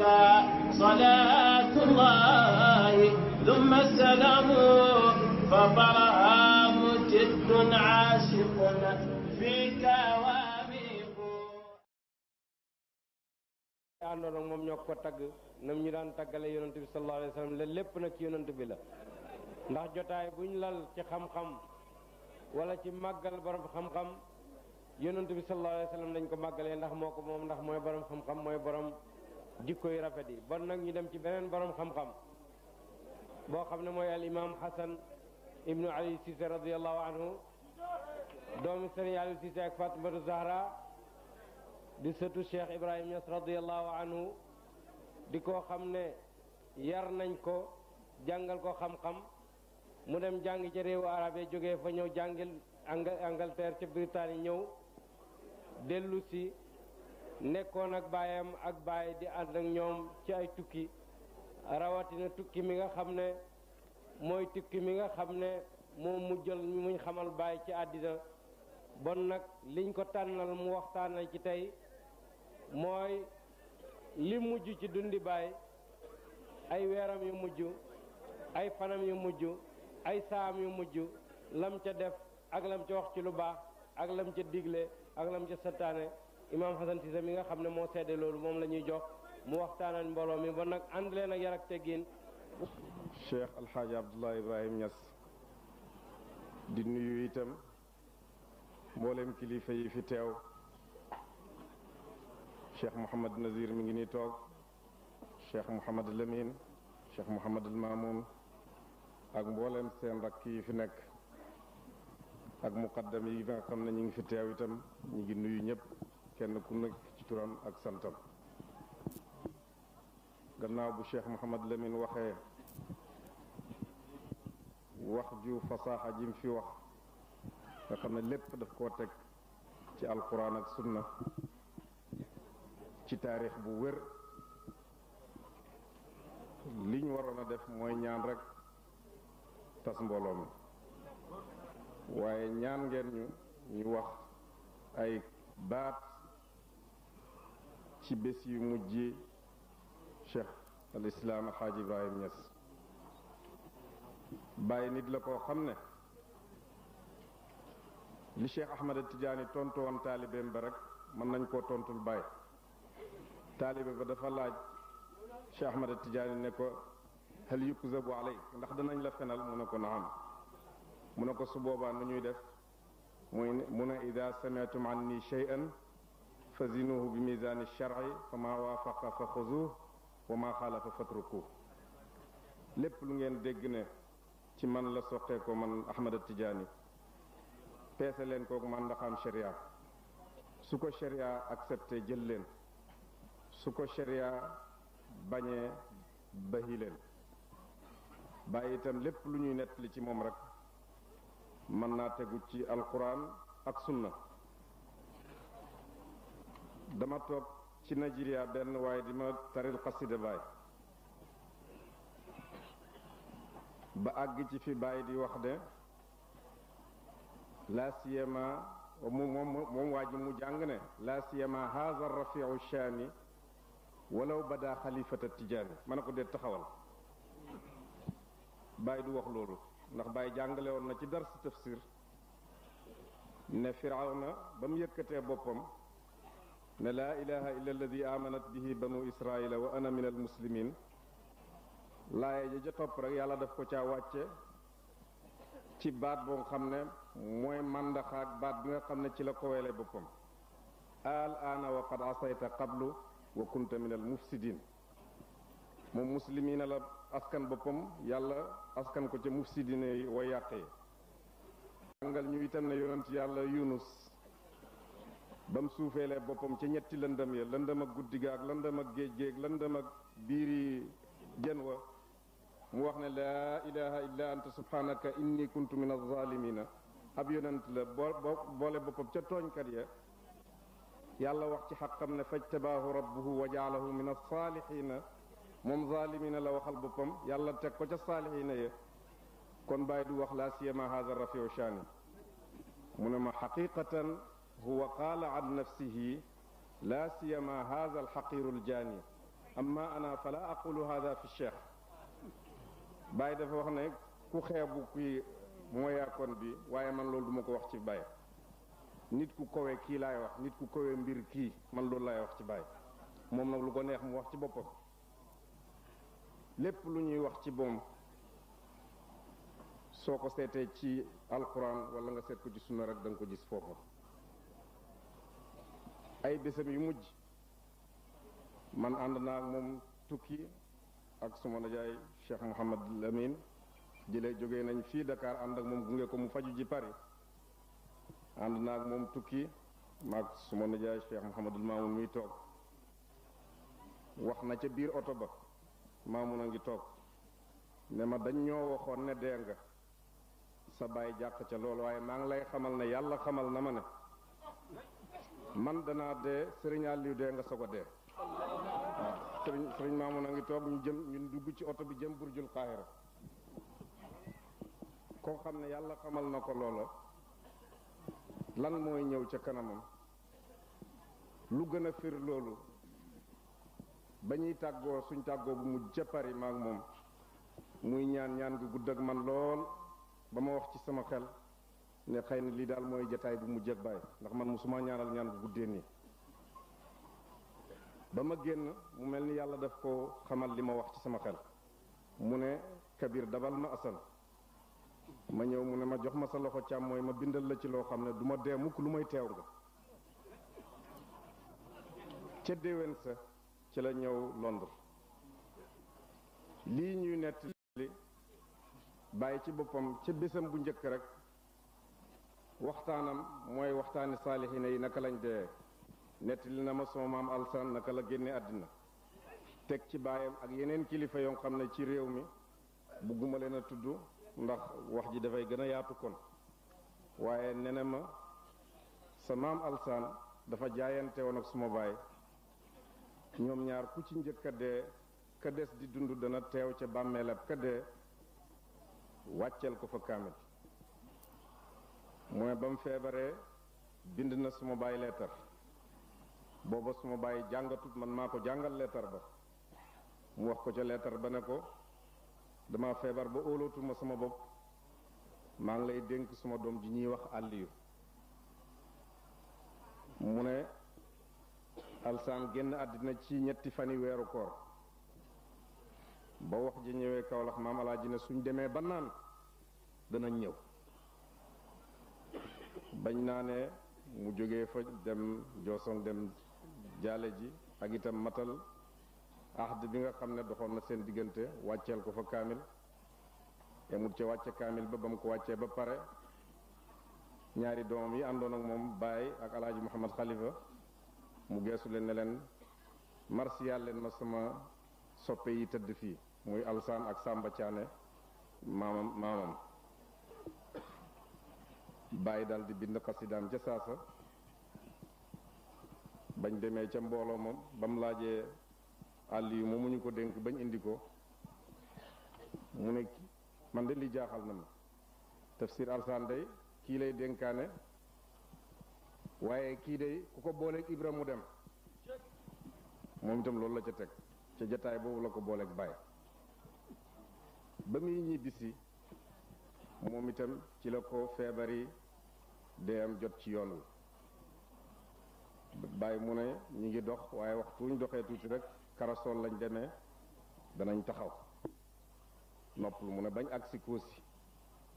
عليك صلاة moom ñoo ko tagg nam ñu daan taggale yonent bi sallallahu alayhi wa la lépp nag ci yonent bi la ndax jotaay buñ lal ci xam-xam wala ci màggal borom xam-xam yonent bi sallallahu alayhi lañ ko màggalee ndax moo ko moom ndax mooy borom xam-xam mooy borom jikko yu rafet yi bon nag ñu dem ci beneen borom xam-xam boo xam ne mooy al imam Xasan ibnu Ali Cissé radiallahu anhu doomi sëriñ Ali Cissé ak Fatimatu Zahra di sëtu Cheikh Ibrahim Niass radiallahu anhu di ko xam ne yar nañ ko jàngal ko xam-xam mu dem jàng ci réewu arab yi jógee fa ñëw jàngil Angleterre ca Britaani ñëw dellu nekkoon ak baayam ak baay di ànd ak ñoom ci ay tukki rawatina tukki mi nga xam ne mooy tukki mi nga xam ne moom mu jël muñ xamal baay ci àddina bon nag liñ ko tànnal mu waxtaanal ci tey mooy li mujj ci dundi baay ay weeram yu mujj ay fanam yu mujj ay saam yu mujj lam ca def ak lam ca wax ci lu baax ak lam ca digle ak lam ca sëttaane imaam Xasan Cissé mi nga xam ne moo seede loolu moom la ñuy jox mu waxtaanal mbooloo mi ba nag ànd leen ak yar ak teggin. Cheikh Al Hadj Ibrahim Niass di nuyu itam mboolem kilifa yi fi teew Cheikh Mouhamad Nazir mi ngi ni toog Cheikh Mouhamad Lamine Cheikh Mouhamad Al Mamoun ak mboolem seen rakk yi fi nekk ak muqaddam yi nga xam ne ñu ngi fi teew itam ñu ngi nuyu ñëpp. kenn ku nekk ci turam ak santam gannaaw bu Cheikh Mouhamad Lamine waxee wax ju fasaaxa jim fi wax nga xam ne lépp daf koo teg ci alxuraan ak sunna ci taarix bu wér ñu waroon a def mooy ñaan rek tas mbooloo mi waaye ñaan ngeen ñu ñu wax ay baat ci bés yu mujj cheikh al islaam alxaaji ibrahim Niass bàyyi nit la koo xam ne li cheikh ahmada tijaani tontu woon taalibeem ba rek mën nañ koo tontul bàyyi taalibe ba dafa laaj cheikh ahmada tijaani ne ko hal yukzabu alay ndax danañ la fenal mu ne ko naam mu ne ko su boobaa nu ñuy def muy mu ne ida samiatum an ni cheyan fa zinuhu bi misaani shar'i fa maa waafaqa fa xuzuhu wa maa xaalafa fatrukuhu lépp lu ngeen dégg ne ci man la soqee ko man Ahmada Tijaani peese leen kook man ndaxam sharia su ko sharia accepté jël leen su ko sharia bañee bahi leen bàyyi itam lépp lu ñuy nettali ci moom rek mën naa tegu ci alquran ak sunna dama toog ci Nigeria benn waaye di ma taril xasida baay ba àgg ci fi bàyyi di wax ne laa siyama mu moom waa ji mu jàng ne laa siyama haza rafiu shaami walaw bada xalifata tijaani ma ne ko dee taxawal bàyyi du wax loolu ndax baay jàngale woon na ci dar si tafsir ne firawna ba mu yëkkatee boppam ne laa ilaha illa alladi amanat bihi banu israila wa ana min almuslimin laaye ja ca topp rek yàlla def ko caa wàcce ci baat boo xam ne mooy màndaxaak baat bi nga xam ne ci la ko weele boppam al ana wa qad asayta qablu wa kunta min al mufsidin moom muslimiina la askan boppam yàlla askan ko ca mufsidine yi way yàqee jàngal ñu itam ne yonent yàlla yunus ba mu suufeelee boppam ci ñetti lëndëm ya lëndëm ak guddi ga ak lëndëm ak géej géeg lëndëm ak biiri jën wa mu wax ne laa ilaha illa anta subhanaka inni kuntu min azalimina ab yonent la boole boppam ca tooñ tooñkat ya yàlla wax ci xaqam ne fajtabaahu rabbuhu wa jaalahu min alsaalihina moom zalimina la waxal boppam yàlla teg ko ca saalihina ya kon bàyyi du wax laa siyama hada rafiu shaani mu ne ma xaqiqatan huwa qaala an nafsihi laa siyama haza alxaqiru aljaani amma ana fala aqulu hada fi cheikh Baye dafa wax ne ku xeebu kuy mooyaakoon bi waaye man loolu duma ko wax ci Baye nit ku kowe kii laay wax nit ku kowe mbir kii man loolu laay wax ci Baye moom nag lu ko neex mu wax ci boppam lépp lu ñuy wax ci moom soo ko seetee ci alquran wala nga seet ko ci sunna rek da nga ko gis foofa ay bésam yu mujj man ànd naa ak moom tukki ak suma najaay Cheikh Mouhamad Lamine jële jóge nañ fii Dakar ànd ak moom gunge ko mu faju ji Paris ànd naa ak moom tukki maag suma najaay Cheikh Mouhamadul Maamun muy toog wax na ca biir oto ba Maamun a ngi toog ne ma dañ ñoo waxoon ne dee nga sa baay jàq ca loolu waaye maa ngi lay xamal ne yàlla xamal na ma ne man danaa dee Serigne Aliou dee nga soog a dee waaw Serigne Serigne Mamoun a ngi toog ñu jëm ñu dugg ci oto bi jëm Burjul Qahira koo xam ne yàlla xamal na ko loola lan mooy ñëw ca kanamam lu gën a fir loolu ba ñuy tàggoo suñ tàggoo bu mu jëppari maak moom muy ñaan ñaan gi gudd ak man lool ba ma wax ci sama xel ne xëy na lii daal mooy jataay bu mu jëg bàyyi ndax man musuma ñaanal ñaan bu guddee nii ba ma génn mu mel ni yàlla def ko xamal li ma wax ci sama xel mu ne Kabir dabal ma Assane ma ñëw mu ne ma jox ma sa loxo càmm mooy ma bindal la ci loo xam ne du ma dee mukk lu may teew nga ca déwén sa ci la ñëw Londres lii ñuy nettali bàyyi ci boppam ca bésam bu njëkk rek waxtaanam mooy waxtaani saalixiina yi naka lañ dee nettali na ma sama maam alsan naka la génne àddina teg ci baayam ak yeneen kilifa yoo xam ne ci réew mi bugguma leen a tudd ndax wax ji dafay gën a yaatu kon waaye nee na ma sa maam alsan dafa jaayante woon ak suma baay ñoom ñaar ku ci njëkk dee ka des di dund dana teew ca bàmmeelab ka dee wàcceel ko fa kaamil mooy ba mu feebaree bind na suma baay leetar booba suma baay jàngatut man maa ko jàngal leetar ba mu wax ko ca leetar ba ne ko dama feebar ba ma sama bopp maa ngi lay dénk suma doom ji ñuy wax àlliyu mu ne alsaan génn àddina ci ñetti fani weeru koor ba wax ji ñëwee kawlax maam alaaji ne suñ demee ba naan danañ ñëw bañ naa ne mu jógee fa dem jooson dem jaale ji ak itam matal ahd bi nga xam ne doxoon na seen diggante wàcceel ko fa kaamil yamut ca wàcce kaamil ba ba mu ko wàccee ba pare ñaari doomam yi àndoon ak moom Baye ak alhaji Mouhamad Khalifa mu geesu leen ne leen marsiyaal leen ma sama soppe yi tëdd fii muy alsaan ak Samba Thiané maamam maamam bàyyi daal di bind xasidaam ca saasa bañ demee ca mbooloo moom bam mu laajee àll yi moomu ñu ko dénk bañ indi ko mu ne man de li jaaxal na ma tafsir alsaan day kii lay dénkaane waaye kii day ku ko booleeg Ibra mu dem moom itam loolu la ca teg ca jataay boobu la ko booleeg Baye ba muy ñibbisi moom itam ci la ko feebar yi day am jot ci yoon wi bàyyi mu ne ñu ngi dox waaye waxtu wuñ doxee tuuti rek karasool lañ demee danañ taxaw nopp lu mu ne bañ ak si kóosi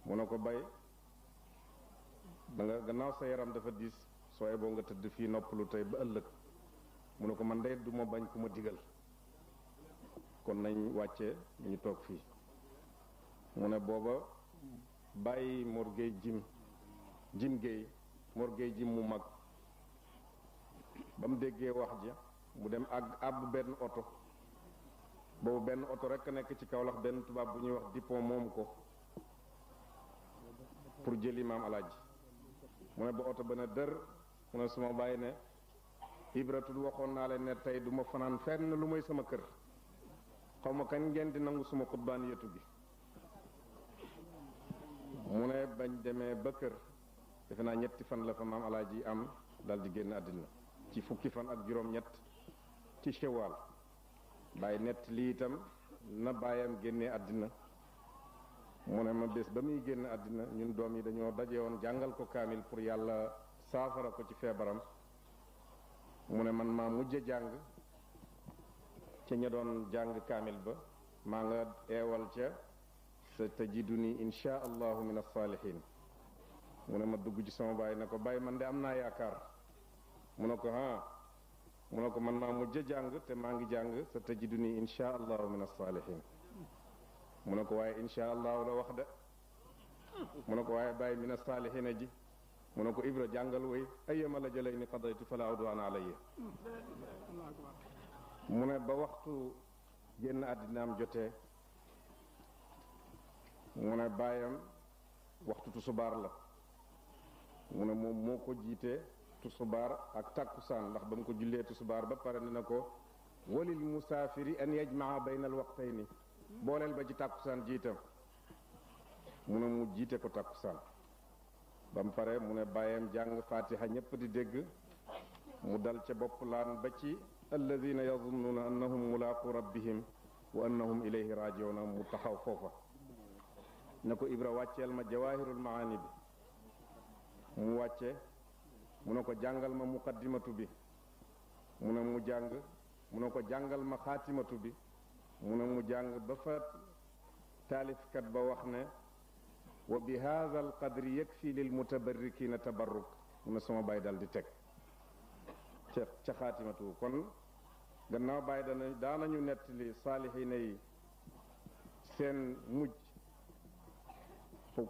mu ne ko bay danga gannaaw sa yaram dafa diis sooy boo nga tëdd fii noppalu tey ba ëllëg mu ne ko man de du ma bañ ku ma digal kon nañ wàcce ñu toog fii mu ne booba bàyyi morgey jim jim géey mor jim mu mag ba mu déggee wax ja mu dem ak àbb benn oto boobu benn oto rek nekk ci kaw lax benn tubaab bu ñuy wax Dupont moom ko pour jëli maam alaaji mu ne ba oto ba ne dër mu ne suma bàyyi ne ibratul waxoon naa leen ne tey duma fanaan fenn lu may sama kër xaw ma kañ ngeen di nangu suma xutbaan yetu gi mu ne bañ demee ba kër defe naa ñetti fan la fa maam alaaji am dal di génn àddina ci fukki fan ak juróom-ñett ci chewaal bàyyi nett lii itam na baayam génnee àddina mu ne ma bés ba muy génn àddina ñun doom yi dañoo daje woon jàngal ko kaamil pour yàlla saafara ko ci feebaram mu ne man maa mujj jàng ca ña doon jàng kaamil ba maa nga eewal ca sa tajidu ni inchaa allahu min alsaalihin mu ne ma dugg ci sama baay ne ko baay man de am naa yaakaar mu ne ko ah mu ne ko man maa mujj a jàng te maa ngi jàng sa tajiduni insha allahu min a salihin mu ne ko waaye insha allahu la wax de mu ne ko waaye bàyyi min as-salihina ji mu ne ko ibra jàngal way ayyama la jëlay ni qadaytu fala udwan alayya mu ne ba waxtu génn àddinaam jotee mu ne baayam waxtu tusubaar la mu ne moom moo ko jiite tusubaar ak takkusaan ndax ba mu ko jullee tusubaar ba pare ne na ko walil musaafiri an yajmaa bayna al waqtayni booleel ba ci takkusaan jiitam mu ne mu jiite ko takkusaan ba mu pare mu ne bàyyam jàng fatiha ñépp di dégg mu dal ca bopp laan ba ci alladina yazunnuuna annahum mulaaqu rabbihim wa annahum ilayhi rajiuna mu taxaw foofa na ko ibra wàcceel ma jawahirul maani bi mu wàcce mu ne ko jàngal ma muqaddimatu bi mu ne mu jàng mu ne ko jàngal ma xaatimatu bi mu ne mu jàng ba fa taalifkat ba wax ne wa bi haada fii yakfi lil mutabarrikina tabarruk mu ne sama bàyyi dal di teg ca ca xaatimatu kon gannaaw bàyyi dana daanañu nettali saalihina yi seen mujj su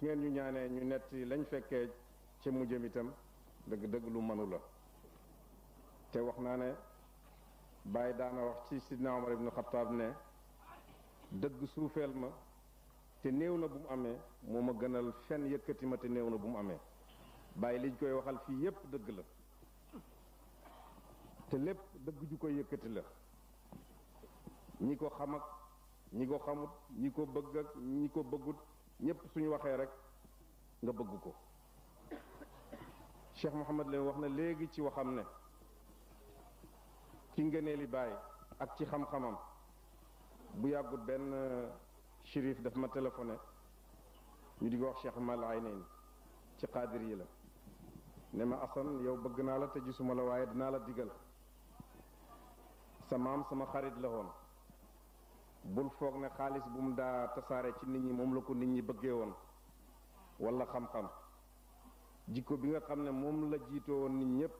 ngeen ñu ñaanee ñu netti lañ fekkee ci mu jëm itam dëgg-dëgg lu mënu la te wax naa ne Baye daana wax ci sidna Omar ibnu Xataab ne dëgg suufeel ma te néew na bu mu amee moo ma gënal fenn yëkkati ma te néew na bu mu amee Baye liñ koy waxal fii yépp dëgg la te lépp dëgg ju koy yëkkati la ñi ko xam ak ñi ko xamut ñi ko bëgg ñi ko bëggut ñépp suñu waxee rek nga bëgg ko Cheikh Mouhamad leen wax na léegi ci waxam ne ci li baay ak ci xam-xamam bu yàggut benn euh, shérif daf ma téléphoné ñu di wax Cheikh Mal Aynayn ci xaadir yi la ne ma Assane yow bëgg naa la te gisuma la waaye dinaa la digal sama am sama xarit la woon bul foog ne xaalis bu mu daa tasaare ci nit ñi moom la ko nit ñi bëggee woon walla xam-xam jikko bi nga xam ne moom la jiite woon nit ñépp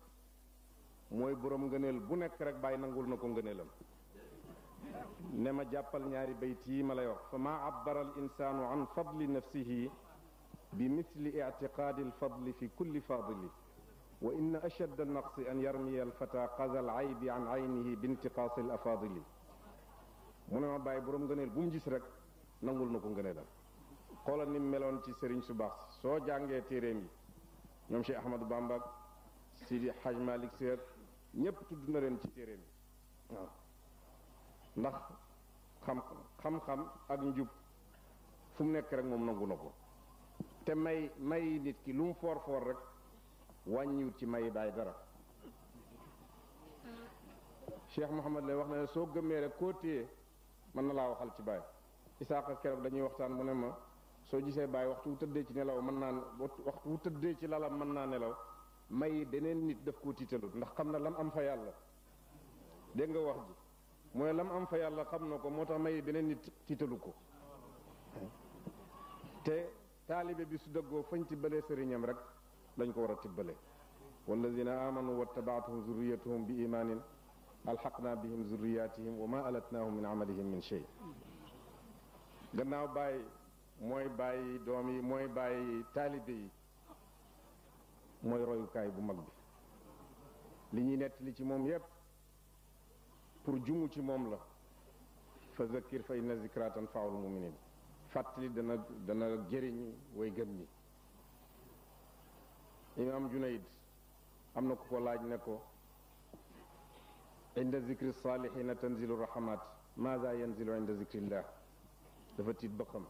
mooy boroom ngëneel bu nekk rek bàyyi nangul na ko ngëneelam ne ma jàppal ñaari bayt yi ma lay wax fa maa abbara al insaanu an fadli nafsihi bi misli ictiqaadi alfadli fi kulli fadili wa inna ashadda naqsi an yarmiya alfata qaza al aybi an aynihi bi intiqaasi al afadili mu ne ma bàyyi boroom ngëneel bu mu gis rek nangul na ko ngëneelam xoolal ni meloon ci sëriñ su baax soo jàngee téeréem yi ñoom Cheikh Ahmadou Bamba si Hadj Malick Seer ñépp tudd na leen ci téere bi waaw ndax xam xam-xam ak njub fu mu nekk rek moom nangu na ko te may may nit ki lu mu foor foor rek wàññiwut ci may baay dara Cheikh Mouhamad lay wax na ne soo gëmmee rek koo téye mën na laa waxal ci baay Isaaka keroog dañuy waxtaan mu ne ma soo gisee bàyyi waxtu wu tëddee ci nelaw mën naa waxtu wu tëddee ci lalam mën naa nelaw may beneen nit def koo tiitalut ndax xam na lam am fa yàlla dégg nga wax ji mooy lam am fa yàlla xam na ko moo tax may beneen nit tiitalu ko te taalibe bi su dëggoo fañ tibbalee sëriñam rek lañ ko war a tibbale walladina amanu wattabaatuhum zurriyatuhum bi imaanin alxaqna bihim zurriyatihim wa ma alatnahum min amalihim min shay gannaaw bàyyi mooy bàyyi doom yi mooy bàyyi taalibe yi mooy royukaay bu mag bi li ñuy nettali ci moom yépp pour jumu ci moom la fa zakkir fa inna zikra tanfaul muminin fàttali dana dana jëriñ way gëm ñi imaam junayd am na ku ko laaj ne ko inda zikri salihina tanzilu rahamat maza yanzilu inda dafa tiit ba xam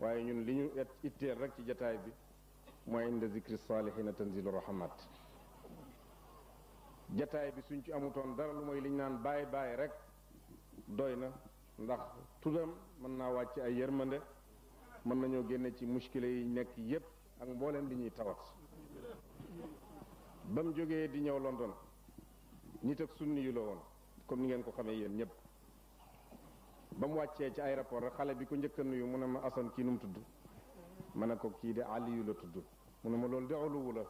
waaye ñun li ñu et itteel rek ci jataay bi mooy inda zikri saalihina tanzilu rahmat jataay bi suñ ci amutoon dara lu mooy li ñu naan bàyyi bàyyi rek doy na ndax tudam mën naa wàcc ay yërmande mën nañoo génne ci muskile yi nekk yépp ak mbooleem li ñuy tawat ba mu jógee di ñëw London nit ak sunni yu la woon comme ni ngeen ko xamee yéen ñëpp ba mu wàccee ci aéroport rek xale bi ko njëkk a nuyu mu ne ma Assane kii nu tudd ma ne ko kii de Aliyu la tudd mu ne ma loolu de uluwu la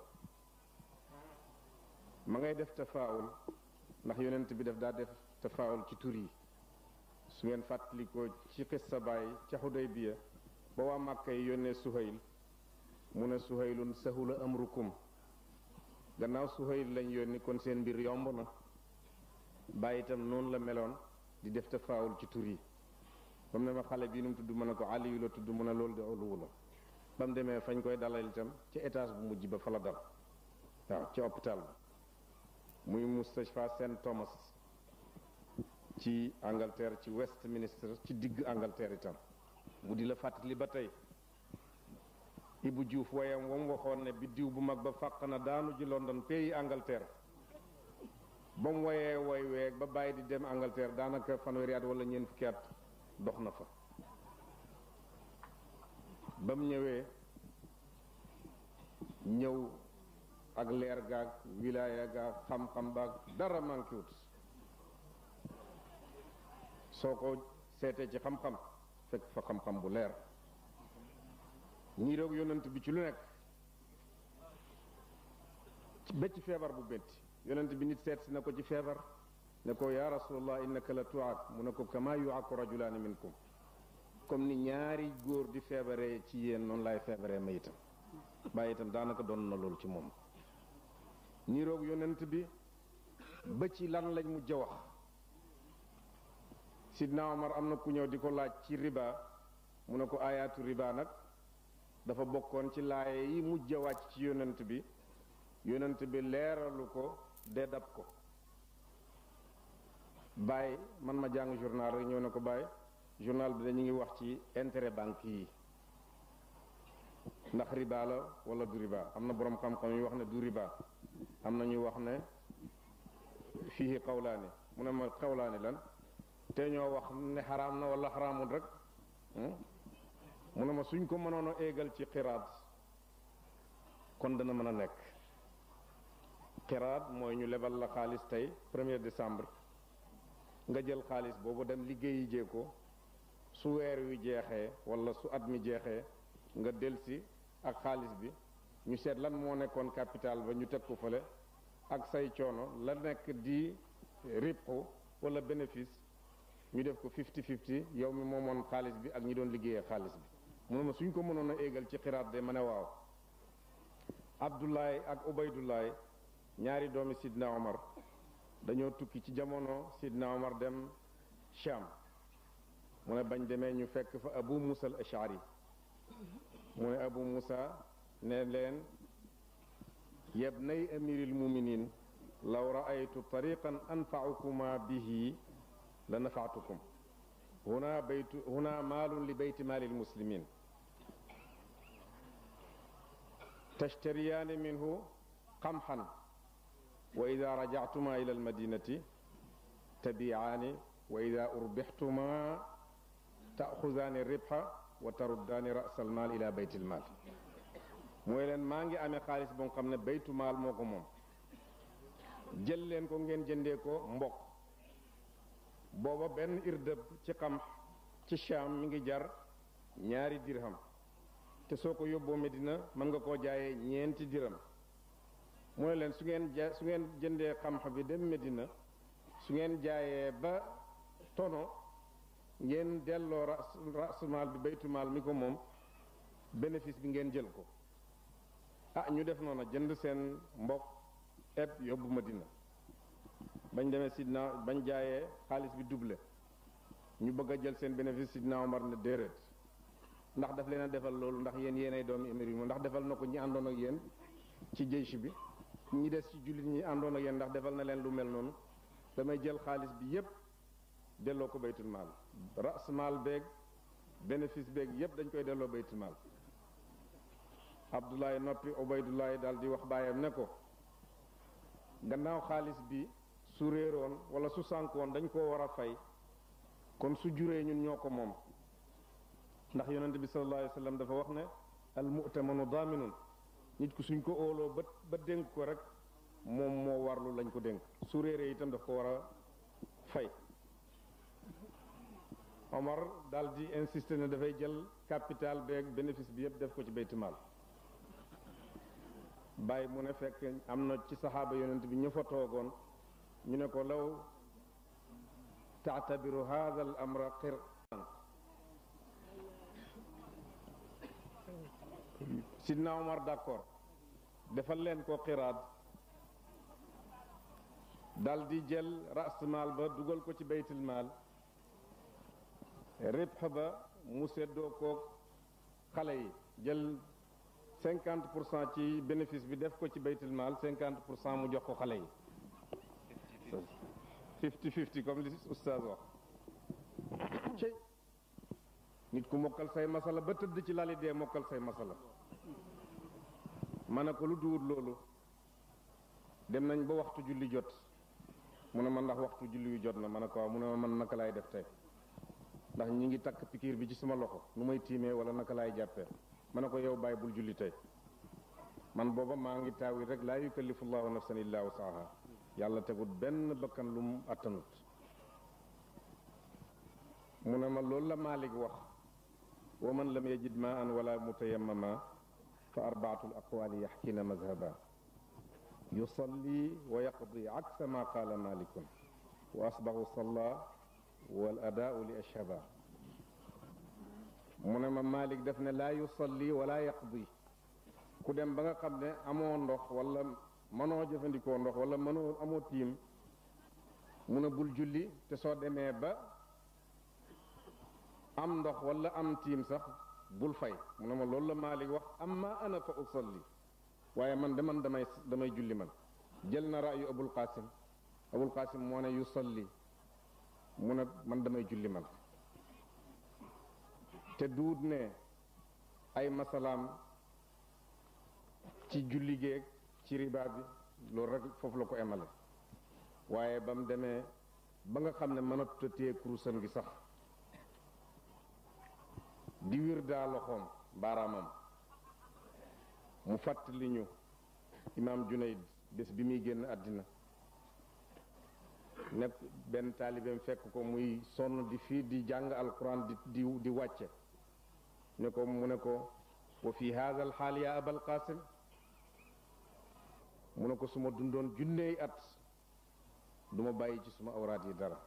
ma ngay def tafaawul ndax yonent bi daf daa def tafaawul ci tur yi su ngeen fàttalikoo ci sa baay ca Xudaybiya ba waa Màkka yi yónnee Suhayl mu ne Suhaylun sahula amrukum gannaaw Suhayl lañ yónni kon seen mbir yomb na bàyyi itam noonu la meloon di def tafaawul ci tur yi ba mu ne ma xale bii nu mu tudd mën a ko Aliou la tudd a loolu de uluwu la ba mu demee fañ koy dalal itam ci étage bu mujj ba fa la dal waaw ci hôpital bi muy mustashfa Saint Thomas ci Angleterre ci west Westminster ci digg Angleterre itam mu di la fàttali ba tey bu Diouf wayam wam waxoon ne biddiw bu mag ba fàq na daanu ji London pays Angleterre ba mu woyee woy weeg ba bàyyi di dem Angleterre daanaka fanweeri at wala ñeent fukki at dox na fa ba mu ñëwee ñëw ak leer gaag wilaaya gaag xam-xam baag dara mankiwut soo ko seetee ci xam-xam fekk fa xam-xam bu leer ñii doog yonent bi ci lu nekk ba ci feebar bu métti yonent bi nit seet si na ko ci feebar ne ko yaa rasulallah innaka la tuaat mu ne ko kama yuaku rajulaani minkum comme ni ñaari góor di feebaree ci yéen noonu laay feebaree ma itam bàyyi itam daanaka doon na loolu ci moom niroog yonent bi ba ci lan lañ mujj wax sidna omar am na ku ñëw di ko laaj ci riba mu ne ko aayaatu riba nag dafa bokkoon ci laaye yi mujj wàcc ci yonent bi yonent bi leeralu ko de dab ko bàyyi man ma jàng journal rek ñëw na ko Baye journal bi dañu ngi wax ci intérêt banque yi ndax riba la wala du riba am na boroom xam-xam yu wax ne du riba am na ñuy wax ne fii xawlaani mu ne ma xawlaani lan te ñoo wax ne xaraam na wala xaraamul rek hmm? mu ne ma suñ ko mënoon a éegal ci xiraat kon dana mën a nekk xiraat mooy ñu lebal la xaalis tey premier décembre nga jël xaalis boobu dem liggéeyi jee ko su weer wi jeexee wala su at mi jeexee nga delsi ak xaalis bi ñu seet lan moo nekkoon capital ba ñu teg ko fële ak say coono la nekk di ribxu wala bénéfice ñu def ko 50 50 yow mi moomoon xaalis bi ak ñi doon liggéeyee xaalis bi mu ma suñ ko mënoon a éegal ci xiraat de ma ne waaw Abdoulaye ak Ubaydullaay ñaari doomi Sidna Omar dañoo tukki ci jamono sidna omar dem cham mu ne bañ demee ñu fekk fa abu musa al ashari mu ne abu musa ne leen yabnay amiril muminin law raaytu tariqan anfaukuma bihi la nafaatukum huna baytu huna maalun li bayti maalil tashtariyaani minhu qamxan wa ida rajactuma ila almadinati tabiaani wa ida urbixtuma taaxudaani ribxa wa taruddaani rasa maal mooy maa ngi amee xaalis boo xam ne baytu maal moo ko moom jël leen ko ngeen jëndee ko mbokk booba benn irdëb ci xam ci Sham mi ngi jar ñaari dirham te soo ko yóbboo Medina mën nga koo jaayee ñeenti dirham mooy leen su ngeen ja su ngeen jëndee xam bi dem Medina su ngeen jaayee ba tono ngeen delloo rasumaal bi baytumaal mi ko moom bénéfice bi ngeen jël ko ah ñu def noonu jënd seen mbokk eb yóbbu dina bañ demee sidna bañ jaayee xaalis bi doublé ñu bëgg a jël seen bénéfice sidna Omar ne déeréet ndax daf leen a defal loolu ndax yéen yéenay doon émir yi ndax defal na ko ñi àndoon ak yéen ci jeysi bi ñi des ci jullit ñi àndoon a yéen ndax defal na leen lu mel noonu damay jël xaalis bi yépp delloo ko baytul maal ras maal beeg bénéfice beeg yépp dañ koy delloo baytul maal Abdoulaye noppi Obaydoulaye daal di wax baayam ne ko gannaaw xaalis bi su réeroon wala su sànkoon dañ koo war a fay kon su juree ñun ñoo ko moom ndax yonent bi sallallahu alayhi wa sallam dafa wax ne al mu'tamanu daaminun nit ki suñ ko óoloo bët ba dénk ko rek moom moo warlu lañ ko dénk su réeree itam daf ko war fay Omar daal di insister ne dafay jël capital beeg bénéfice bi yëpp def ko ci baytimaal bàyyi mu ne fekk am na ci saxaaba yonent bi ñu fa toogoon ñu ne ko law taatabiru hada al amra qir sidna Omar d'accord defal leen ko xiraat dal di jël rasmaal ba dugal ko ci baytil maal ribx ba mu seddoo koog xale yi jël cinquante pour cent ci bénéfice bi def ko ci baytil maal cinquante pour cent mu jox ko xale yi fifty fifty comme li oustaz wax nit ku mokkal say masala ba tëdd ci lali dee mokkal say masala ma ne ko lu duwut loolu dem nañ ba waxtu julli jot mu ne man ndax waxtu julli yu jot na man ne ko waaw mu ne ma man naka laay def tey ndax ñi ngi takk pikiir bi ci suma loxo nu may tiimee wala naka laay jàppee ma ne ko yow bàyyi bul julli tey man booba maa ngi taawi rek laay yukallifu llahu nafsan illaa wasaaha yàlla tegut benn bakkan lu mu attanut mu ne ma loolu la Maalik wax wa man lam yajid maa an wala mutayammama fa arbaatul aqwaali yaxkina mazhaba yusalli wa yaqdi aksa ma qaala malikun wa asbahu salla wal adaau li ashhaba mu ne ma Malik def ne laa yusalli wala yaqdi ku dem ba nga xam ne amoo ndox wala mënoo jëfandikoo ndox wala mënoo amoo tiim mu ne bul julli te soo demee ba am ndox wala am tiim sax bul fay mu ne ma loolu la Malik wax amma ana fa usalli waaye man de man damay julli man jël na raayu abul qasim abul qasim moo ne yusalli mu ne man damay julli man te duut ne ay masalaam ci julli géeg ci ribaat bi loolu rek foofu la ko emale waaye ba mu demee ba nga xam ne mënatut a téye kurusam gi sax di wir daa loxoom baaraamam mu fàttaliñu ñu imaam Junayd bés bi muy génn àddina nekk benn taalibeem fekk ko muy sonn di fii di jàng alquran di di di wàcce ne ko mu ne ko wa fi haada al xaal yaa abal qaasim mu ne ko suma dundoon junneey at du ma bàyyi ci suma awraat yi dara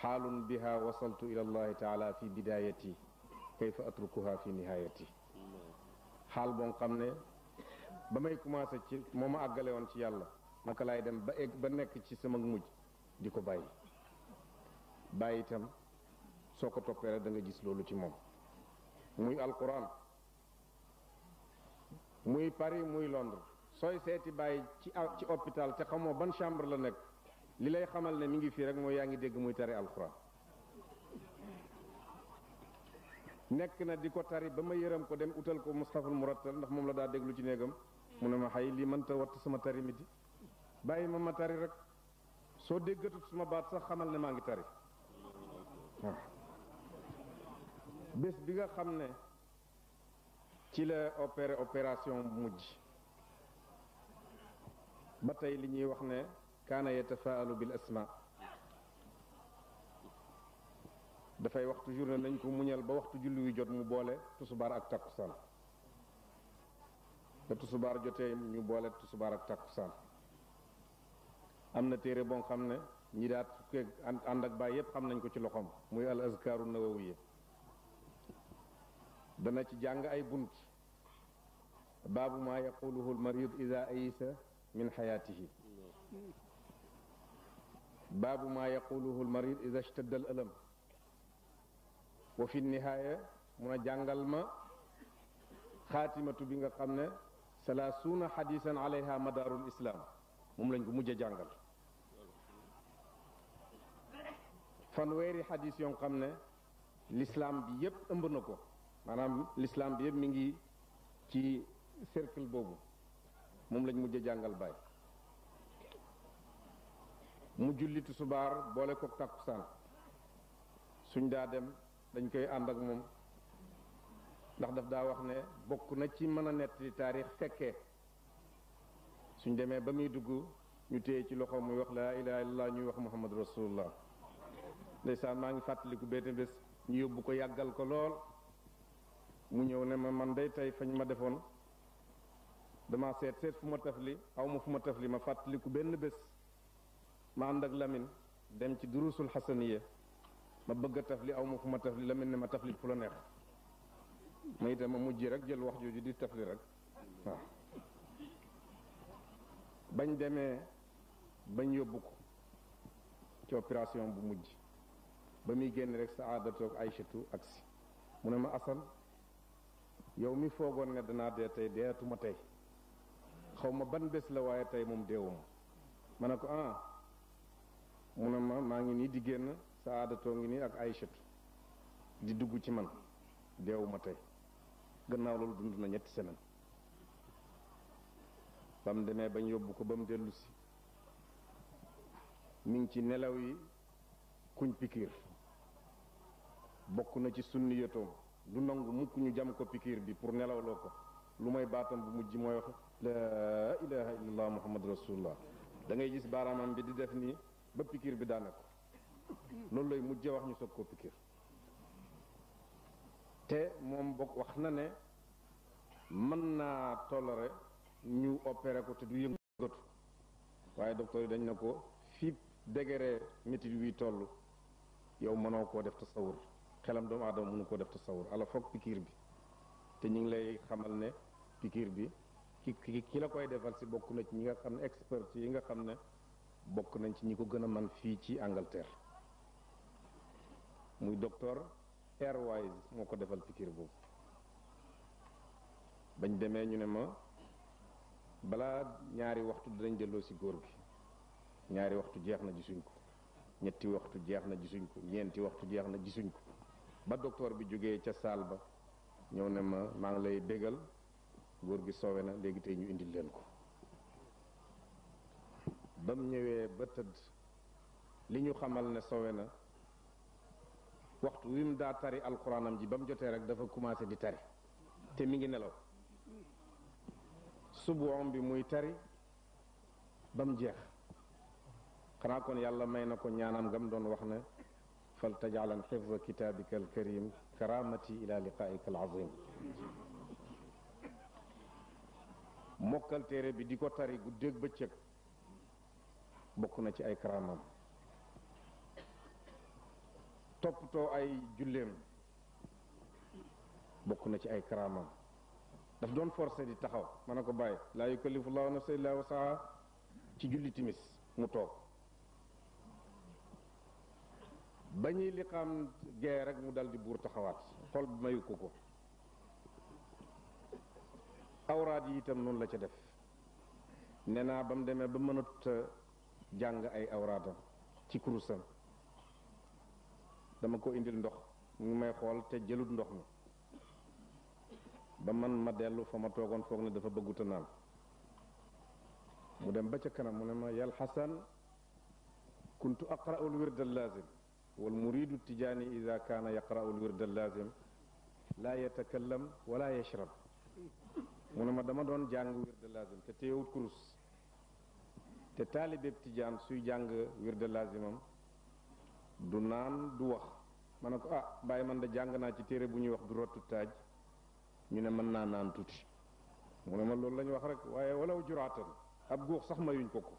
xaalun biha wasaltu ila allahi fi bidayati kayfa atrukuha fi nihayati xaal boo xam ne ba may commencé ci moom ma àggale woon ci yàlla naka laay dem ba egg ba nekk ci sama mujj di ko bàyyi bàyyi itam soo ko toppee rek danga nga gis loolu ci moom muy alquran muy Paris muy Londres sooy seeti bàyyi ci ci hôpital te xamoo ban chambre la nekk li lay xamal ne mu ngi fii rek mooy yaa ngi dégg muy tari alquran nekk na di ko tari ba ma yërëm ko dem utal ko mustaful murattal ndax moom la daa déglu ci néegam mu ne ma xay lii mënta watt sama tari mi di bàyyi ma ma tari rek soo déggatut suma baat sax xamal ne maa ngi tari bés bi nga xam ne ci la opéré opération mujj ba tey li ñuy wax ne kaana yatafaalu bil asma dafay wax toujours ne nañ ko muñal ba waxtu julli wi jot mu boole tusubaar ak takkusaan ba tusubaar jotee ñu boole tusubaar ak takkusaan am na téere boo xam ne ñi daat fukkeeg ànd ak baay yépp xam nañ ko ci loxoom muy al azkaaru nawawiya dana ci jàng ay bunt baabu maa yaquluhu al marid ida ayisa min xayaatihi baabu maa yaquluhu al marid ida ishtadda al alam wa fi nihaaya mun a jàngal ma xaatimatu bi nga xam ne salaasuuna xadisan alayha madaarul islaam moom lañ ko mujj a jàngal fanweeri xadis yoo xam ne lislaam bi yépp ëmb na ko maanaam lislaam bi yépp mi ngi ci cercle boobu moom lañu mujj a jàngal baay mu jullitu subaar boole ko takkusaan suñ daa dem dañ koy ànd ak moom ndax daf daa wax ne bokk na ci mën a netti taarix fekkee suñ demee ba muy dugg ñu téye ci loxo muy wax laa ilaha illallah ñuy wax muhammad rasulullah ndeysaan maa ngi fàttaliku benn bés ñu yóbbu ko yàggal ko lool mu ñëw ne ma man day tey fañ ma defoon dama seet seet fu ma tafli aw ma fu ma tafli ma fàttaliku benn bés ma ànd ak Lamine dem ci durusul xasaniya ma bëgg a tafli aw ma fu ma tafli la mel ne ma tafli fu la neex ma itam a mujj rek jël wax jooju di tafli rek waaw bañ demee bañ yóbbu ko ci opération bu mujj ba muy génn rek sa ay toog Aysatu agsi mu ne ma Asan yow mi foogoon ne danaa dee tey deetuma tey xaw ma ban bés la waaye tey moom deewuma ma ne ko ah mu ne ma maa ngi nii di génn saadatoo ngi nii ak ay Aysatu di dugg ci man deewuma tey gannaaw loolu dund na ñetti semaine ba mu bañ yóbbu ko ba mu dellu si ngi ci nelaw yi kuñ pikiir bokk na ci sunni yotoom du nangu mukk ñu jam ko pikiir bi pour nelawloo ko lu may baatam bu mujj mooy wax laa ilaha illallah muhammadu rasulullah da ngay gis baaraamam bi di def nii ba pikiir bi daane ko loolu lay mujje wax ñu soog koo pikir te moom bokk wax na ne mën naa toléré ñu opéré ko te du yëngatu waaye docteur yi dañ na ko fii dégéree métit wi toll yow mënoo koo def tasawur xelam doomu aadama mënu koo def tasawur ala foog pikiir bi te ñu ngi lay xamal ne pikiir bi ki ki la koy defal si bokk na ci ñi nga xam ne expert yi nga xam ne bokk nañ ci ñi ko gën a man fii ci Angleterre muy docteur Airways moo ko defal pikir boobu bañ demee ñu ne ma balaa ñaari waxtu dinañ delloo si góor gi ñaari waxtu jeex na gisuñ ko ñetti waxtu jeex na gisuñ ko ñeenti waxtu jeex na gisuñ ko ba docteur bi jógee ca saal ba ñëw ne ma maa ngi lay bégal góor gi soowe na léegi tey ñu indi leen ko ba ñëwee ba tëdd li ñu xamal ne soowe na waxtu wi mu daa tari alxuraanam ji ba mu jotee rek dafa commencé di tari te mi ngi nelaw suboom bi muy tari ba mu jeex xanaa kon yàlla may na ko ñaanam gam doon wax ne fal tajaalan xifza kitaabika alkarim karamati ila liqaaika alazim mokkal téere bi di ko tari guddeeg bëccëg bokk na ci ay karamam toppatoo ay julleem bokk na ci ay karaamam daf doon forse di taxaw mën na ko bàyyi laa yukallifu llahu nafsan illaa wasaha ci julli timis mu toog ba ñuy liqaam gee rek mu dal di buur taxawaat xol mayu ko ko awraat yi itam noonu la ca def ne naa ba mu demee ba mënut jàng ay awraatam ci kurusam dama ko indil ndox mu may xool te jëlut ndox mi ba man ma dellu fa ma toogoon foog ne dafa bëgguta naan mu dem ba ca kanam mu ne ma yal xasan kuntu aqra'u alwirda allazim wal muridu tijaani ida kaana yaqra'u alwirda allazim laa yatakallam wala yashrab mu ne ma dama doon jàng wirda lazim te téyewut kurus te taalibeeb tijaan suy jàng wirda lazimam du naan du wax ma ne ko ah bàyyi man da jàng naa ci téere bu ñuy wax du rottu taaj ñu ne mën naa naan tuuti mu ne ma loolu la wax rek waaye walaw juraatan ab guux sax mayuñ ko ko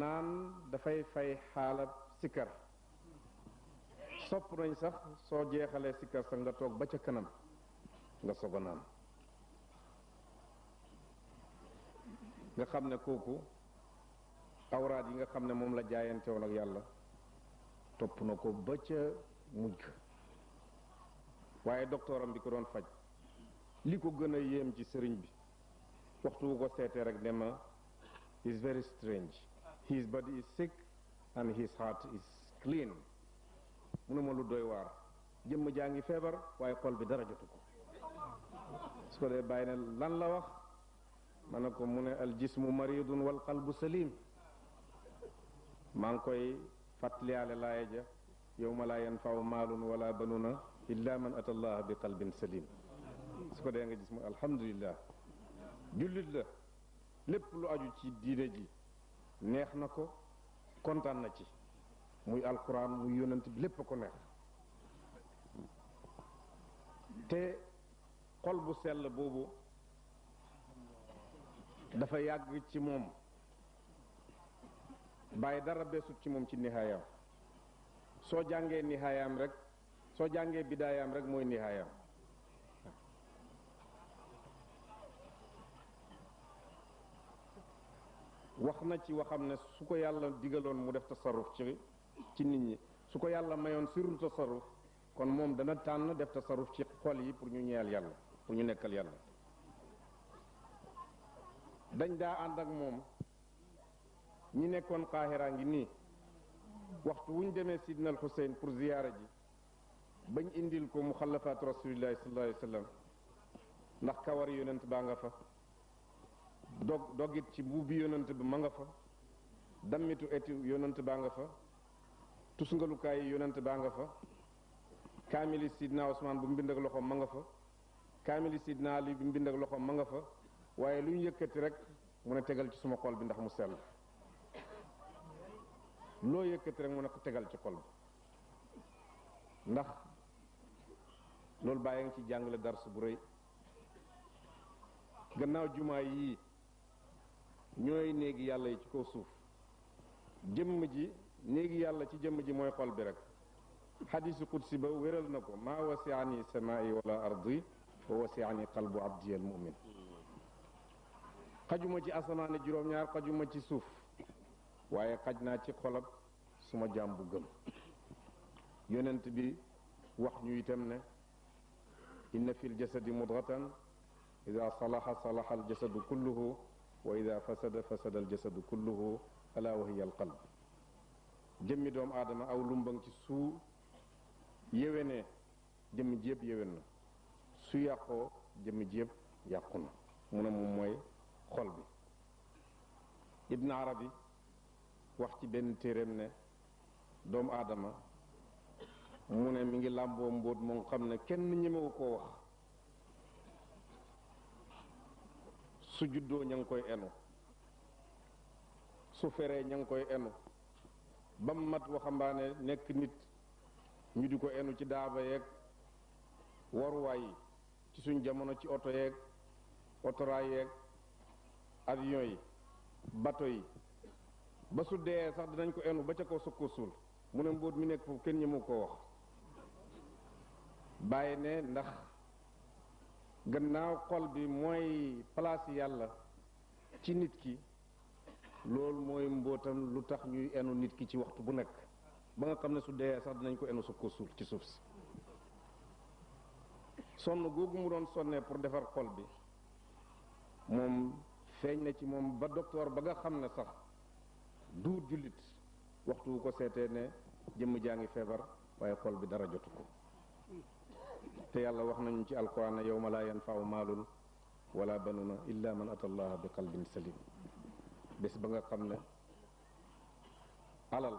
naan dafay fay xaalab sikar sopp nañ sax soo jeexalee sikar sax nga toog ba ca kanam nga soog a naan nga xam ne kooku awraat yi nga xam ne moom la jaayante woon ak yàlla topp na ko ba ca mujj waaye docteuram bi ko doon faj li ko gën a yéem ci sëriñ bi waxtu wu ko seetee rek ne ma is very strange his body is sick and his heart is clean mu ne ma lu doy waar jëmm jaa ngi feebar waaye xool bi dara jotu ko su ko dee bàyyi ne lan la wax ma ne ko mu ne al jismu maridun wal qalbu salim maa ngi koy fàttaliyaale laaya ja yawma laa yanfau maalun wala banuna illa man ata allah bi qalbin salim su ko dee nga gis mu alhamdulilah jullit la lépp lu aju ci diine ji neex na ko kontaan na ci muy alquran muy yonent bi lépp ko neex te xol bu sell boobu dafa yàgg ci moom bàyyi dara beesut ci moom ci nihaayam soo jàngee nihaayam rek soo jàngee bidaayaam rek mooy nihaayam wax na ci waxam ne su ko yàlla digaloon mu def tasarruf ci ci nit ñi su ko yàlla mayoon sirru tasarruf kon moom dana tànn def tasarruf ci xol yi pour ñu ñeel yàlla pour ñu nekkal yàlla dañ daa ànd ak moom ñi nekkoon Qahira ngi nii waxtu wuñ demee Sidna al Xuseyn pour ziyaara ji bañ indil ko mu rasulillahi sallallahu alayhi ndax kawar yonent baa nga fa dog dogit ci mbuubi yonent bi ma nga fa dammitu eti yonent baa nga fa tusngalukaay yonent baa nga fa kaamili sidna Ousmane bu mbind ak loxoom ma nga fa kaamili sidna Ali bu mbind ak loxoom ma nga fa waaye lu ñu yëkkati rek mu ne tegal ci suma xol bi ndax mu sell loo yëkkati rek mu ne ko tegal ci xol bi ndax loolu bàyyi nga ci jàngale dars bu rëy gannaaw jumaa yii ñooy néegi yàlla yi ci kow suuf jëmm ji néegi yàlla ci jëmm ji mooy xol bi rek xadiisu qudsi ba wéral na ko maa wasiani yi wala ardi wa wasiani qalbu abdi al mumin xajuma ci asamaani juróom-ñaar xajuma ci suuf waaye xaj naa ci xolab suma jaam bu gëm yonent bi wax ñu itam ne inna fi ljasadi mudratan ida salaha salaha aljasadu kulluhu wa ida fasada fasada aljasadu kulluhu ala wa hiya alqalb jëmmi doom aadama aw lumbang ci su yéwénee jëmmi ji yëpp yéwén na su yàqoo jëmmi ji yëpp yàqu na mu ne moom mooy xol bi wax ci benn téeréem ne doomu aadama mu ne mi ngi làmboo mbóot moo xam ne kenn ñemewu ko wax su juddoo ña ngi koy enu su feree ña ngi koy enu ba mu mat waxambaane nekk nit ñu di ko enu ci daaba yeeg waruwaay yi ci suñ jamono ci oto yeeg otoraay yeeg avion yi bato yi ba su dee sax dinañ ko enu ba ca kaw soog ko suul mu ne mbóot mi nekk foofu kenn ñëmu ko wax bàyyi ne ndax gannaaw xol bi mooy place yàlla ci nit ki loolu mooy mbóotam lu tax ñuy enu nit ki ci waxtu bu nekk ba nga xam ne su dee sax dinañ ko enu soog ko suul ci suuf si sonn googu mu doon sonnee pour defar xol bi moom feeñ na ci moom ba docteur ba nga xam ne sax du jullit waxtu wu ko seetee ne jëmm jaa ngi feebar waaye xol bi dara jotu ko te yàlla wax nañu ci alquran ne yawma laa yanfau maalun wala banuna illa man ata allaha bi qalbin salim bés ba nga xam ne alal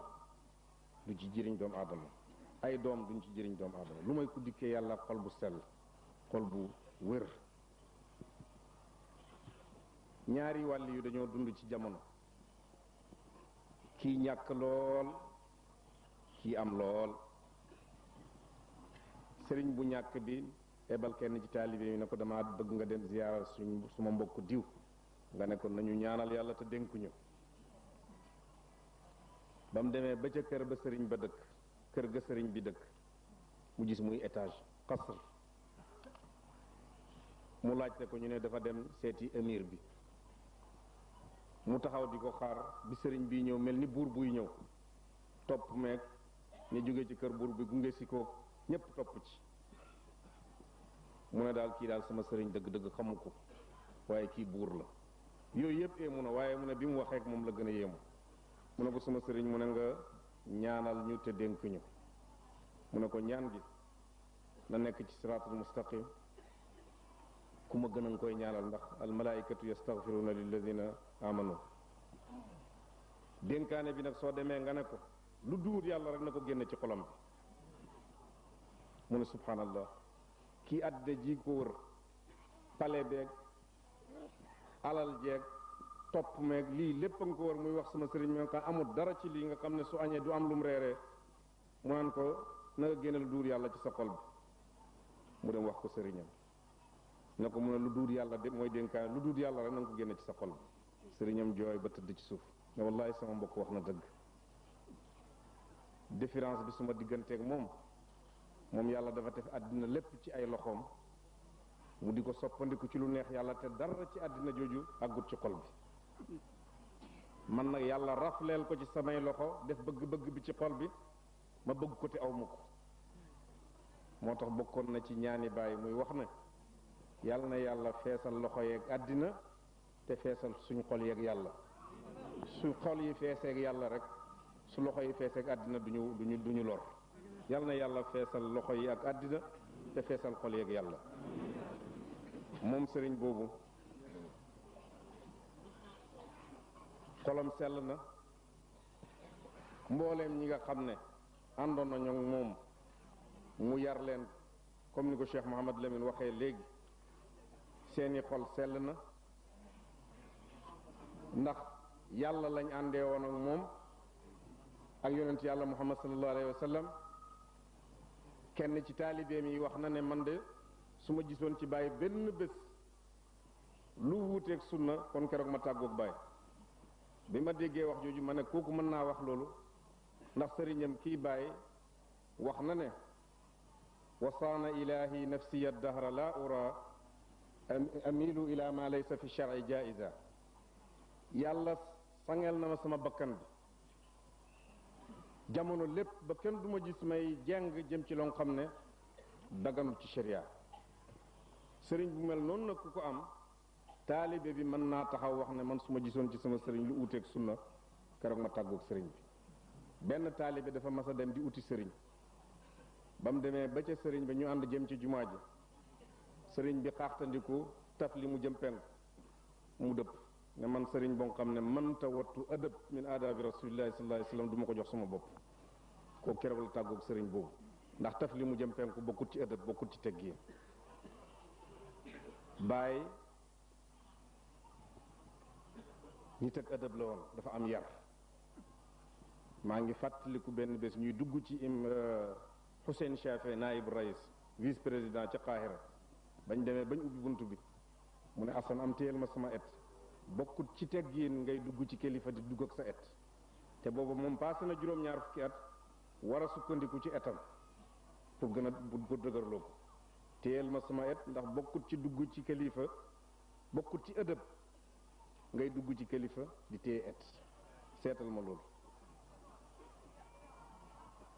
du ci jëriñ doomu aadama ay doom duñ ci jëriñ doomu aadama lu may ku yàlla xol bu sell xol bu wér ñaari wàll yu dañoo dund ci jamono kii ñàkk lool kii am lool sëriñ bu ñàkk bi ebal kenn ci taalibe yi ne ko dama bëgg nga dem ziyaara suñ suma mbokk diw nga ne ko nañu ñaanal yàlla te dénkuñu ba demee ba ca kër ba sëriñ ba dëkk kër ga sëriñ bi dëkk mu gis muy étage qasr mu laajte ko ñu ne dafa dem seeti émir bi mu taxaw di ko xaar bi sëriñ bii ñëw mel ni buur buy ñëw topp meeg ñu jóge ci kër buur bi gunge si ko ñépp topp ci mu ne daal kii daal sama sëriñ dëgg-dëgg xamu ko waaye kii buur la yooyu yëpp éemu na waaye mu ne bi mu waxeek moom la gën a yéemu mu ne ko sama sëriñ mu ne nga ñaanal ñu te dénk ñu mu ne ko ñaan gi na nekk ci siraatul mustaqim ku ma gën a nga koy ñaanal ndax al malaikatu yastaghfiruna lilladina amanu dénkaane bi nag soo demee nga ne ko lu duwut yàlla rek na ko génne ci xolam bi mu ne subhanallah kii adde ji ko wër pale beeg alal jeeg topp meeg lii lépp nga ko wër muy wax sama sëriñ mi nga amul dara ci lii nga xam ne su añee du am lum reeree mu naan ko na nga génne lu duur yàlla ci sa xol bi mu dem wax ko sëriñam na ko mu ne lu duur yàlla de mooy dénkaane lu duur yàlla rek na nga ko génne ci sa xol bi sëriñam jooy ba tëdd ci suuf ne wallaay sama mbokk wax na dëgg différence bi suma digganteek moom moom yàlla dafa def àddina lépp ci ay loxoom mu di ko soppandiku ci lu neex yàlla te dara ci àddina jooju àggut ci xol bi man nag yàlla rafleel ko ci samay loxo def bëgg-bëgg bi ci xol bi ma bëgg ko te aw ma moo tax bokkoon na ci ñaani bàyyi muy wax na yàlla na yàlla feesal loxo yeeg àddina te feesal suñu xol yeeg yàlla su xol yi feeseeg yàlla rek su loxo yi feeseeg àddina duñu duñu duñu lor yàlla na yàlla feesal loxo yi ak àddina te feesal xol yeeg yàlla moom sëriñ boobu xolam sell na mbooleem ñi nga xam ne àndoon nañu ak moom mu yar leen comme ni ko Cheikh Mouhamad Lamine waxee léegi seeni xol sell na ndax yàlla lañ àndee woon ak moom ak yonent yàlla muhammad sallallahu alayhi wa sallam kenn ci taalibeem yi wax na ne man de su ma gisoon ci bàyyi benn bés lu wuuteeg sunna kon keroog ma tàggoog bàyyi bi ma déggee wax jooju ma ne kooku mën naa wax loolu ndax sëriñam kii bàyyi wax na ne wasaana ilahi nafsiya dahra la ura amilu ila ma laysa fi shar'i jaiza yàlla sangeel na ma sama bakkan bi jamono lépp ba kenn duma gis may jeng jëm ci loo xam ne daganul ci sharia sëriñ bu mel noonu nag ku ko am taalibe bi mën naa taxaw wax ne man su ma jisoon ci sama sëriñ lu uuteeg sunna keroog ma tàggoog sëriñ bi benn taalibe dafa mas a dem di uti sëriñ ba mu demee ba ca sëriñ bi ñu ànd jëm ci jumaa ji sëriñ bi xaaxtandiku taf li mu jëm penk mu dëpp ne man sëriñ boo xam ne mënta wattu adab min aadaabi rasulillahi sallallahu alayhi wasallam du ma ko jox sama bopp koo keroog la tàggoog sëriñ boobu ndax taf li mu jëm penku bokkut ci adab bokkut ci teggin bàyyi ñu teg adab la woon dafa am yar maa ngi fàttaliku benn bés ñuy dugg ci im euh, Hussein Chafe naib rais vice président ci Qahira bañ demee bañ ubbi bunt bi mu ne Assane am téyel ma sama et bokkut ci teggin ngay dugg ci kilifa di dugg ak sa et te booba moom paase na juróom-ñaar fukki at war a sukkandiku ci etam pour gën a pour dëgërloo ko téyel ma sama et ndax bokkut ci dugg ci kilifa bokkut ci ëdëb ngay dugg ci kilifa di téye et seetal ma loolu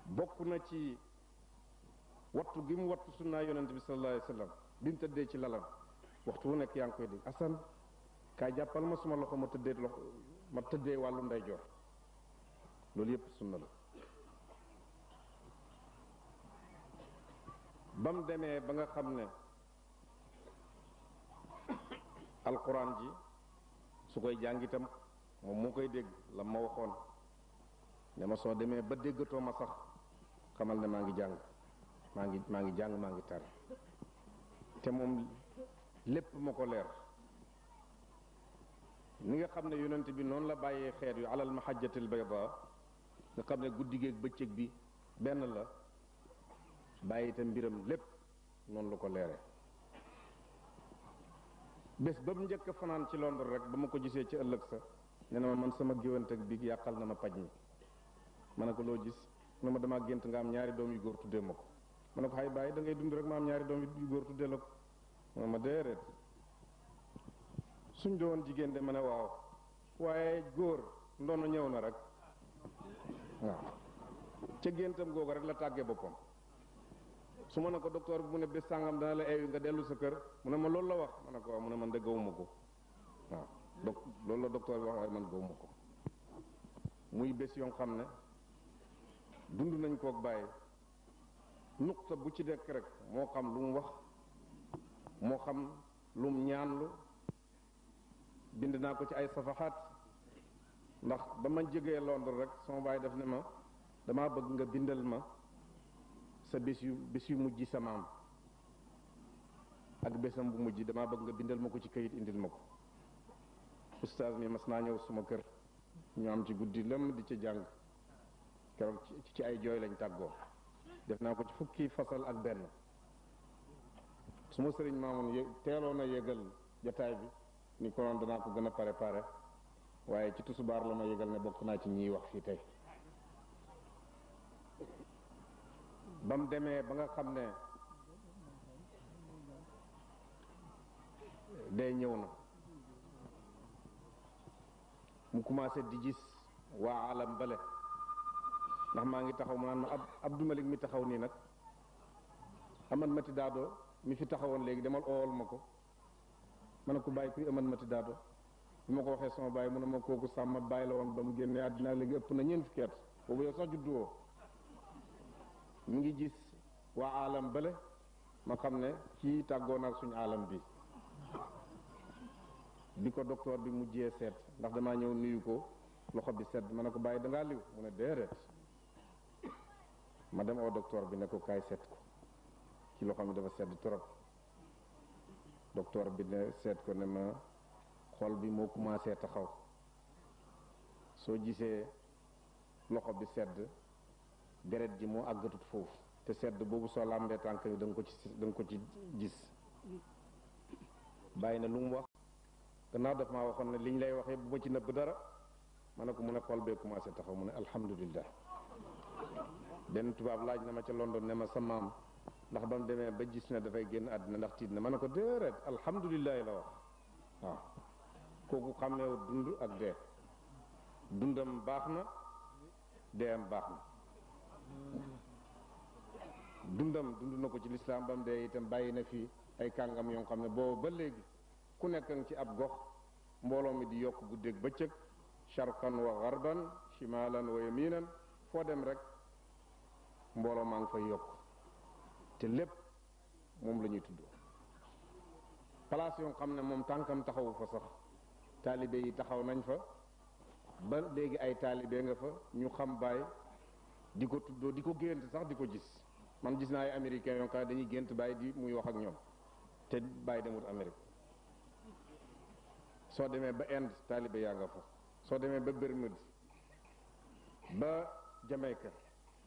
bokk na ci wattu gi mu wattu sunnaa yonent bi sallallahu alayhi wa bi mu tëddee ci lalam waxtu wu nekk yaa ngi koy dégg asan kaa jàppal ma suma loxo ma tëddee loxo ma tëddee wàllu ndeyjoor loolu yépp suma la ba mu demee ba nga xam ne alquran ji su koy jàngitam moom moo koy dégg la ma waxoon ne ma soo demee ba déggatoo ma sax xamal ne maa ngi jàng maa ngi maa ngi jàng maa ngi tar te moom lépp ma ko leer ni nga xam ne yonent bi noonu la bàyyee xeet yu alal mahajjatil bayda nga xam ne guddi géeg bëccëg bi benn la bàyyi itam mbiram lépp noonu la ko leere bés ba mu njëkk fanaan ci Londres rek ba ma ko gisee ci ëllëg sa ne na ma man sama géwante bi yàqal na ma paj mi ma ne ko loo gis ne ma damaa gént nga am ñaari doom yu góor tuddee ma ko ma ne ko xay bàyyi da ngay dund rek ma am ñaari doom yu góor tuddee la ko ma ma déeréet suñ doon jigéen de ma ne waaw waaye góor ndono ñëw na rek waaw ca géntam googu rek la tàggee boppam su ma ne ko docteur bi mu ne bés sàngam dana la eewi nga dellu sa kër mu ne ma loolu la wax ma ne ko waaw mu ne man de gawuma ko waaw donc loolu la docteur bi wax man gawuma ko muy bés yoo xam ne dund nañ koog bàyyi nuqta bu ci dekk rek moo xam lu mu wax moo xam lu mu ñaanlu bind naa ko ci ay safaxaat ndax ba ma jegee Londres rek sama baay def ne ma dama bëgg nga bindal ma sa bés yu bés yu mujj sa maam ak bésam bu mujj dama bëgg nga bindal ma ko ci kayit indil ma ko oustaz mi mas naa ñëw suma kër ñoo am ci guddi lëmm di ci jàng keroog ci ay jooy lañ tàggoo def naa ko ci fukki fasal ak benn suma sëriñ maamoon teeloon a yëgal jotaay bi ni ko noonu danaa ko gën a préparé waaye ci tusubaar la na yëgal ne bokk naa ci ñiy wax fii tey ba mu demee ba nga xam ne day ñëw na mu commencé di gis waa alam bale ndax maa ngi taxaw mu naan ma ab Malik mi taxaw nii nag Amad Mati Daado mi fi taxawoon léegi demal ool ma ko ma ne ko bàyyi kuy ëman mati daado bi ma ko waxee sama bàyyi mu ne ma kooku sàmm bàyyi la woon ba mu génnee àddina léegi ëpp na ñeent fukki at boobu yow sax juddu woo mu ngi gis waa alam bële ma xam ne ci tàggoo naag suñu alam bi bi ko docteur bi mu jee seet ndax damaa ñëw nuyu ko loxo bi sedd ma ne ko bàyyi dangaa liw mu ne déedéet ma dem oo docteur bi ne ko kaay seet ko ci loxo mi dafa sedd trop docteur bi ne seet ko ne ma xol bi moo commencé taxaw soo gisee loxo bi sedd deret ji moo àggatut foofu te sedd boobu soo làmbee tànk bi da ko ci da nga ko ci gis bàyyi na lu mu wax gannaaw daf maa waxoon ne liñ lay waxee bu ma ci nëbb dara ma ne ko mu ne xol bee commencé taxaw mu ne alhamdulillah benn tubaab laaj na ma ca London ne ma sa maam ndax ba mu demee ba gis ne dafay génn àddina ndax tiit na ma ne ko déedéet alhamdulilahi la wax waaw kooku xamleewu dund ak dee dundam baax na deeyam baax na dundam dund na ko ci lislaam ba mu dee itam bàyyi na fii ay kàngam yoo xam ne boobu ba léegi ku nekkan ci ab gox mbooloo mi di yokk guddeeg bëccëg sharqan wa garban shimalan wa yaminan foo dem rek mbooloo maa ngi fay yokk te lépp moom la ñuy tudd place yoo xam ne moom tànkam taxawu fa sax taalibe yi taxaw nañ fa ba léegi ay taalibe nga fa ñu xam baay di ko tuddoo di ko gént sax di ko gis man gis naa ay américains yoo xam dañuy gént baay di muy wax ak ñoom te baay demut Amérique soo demee ba Inde taalibe yaa nga fa soo demee ba Bermude ba Jamaica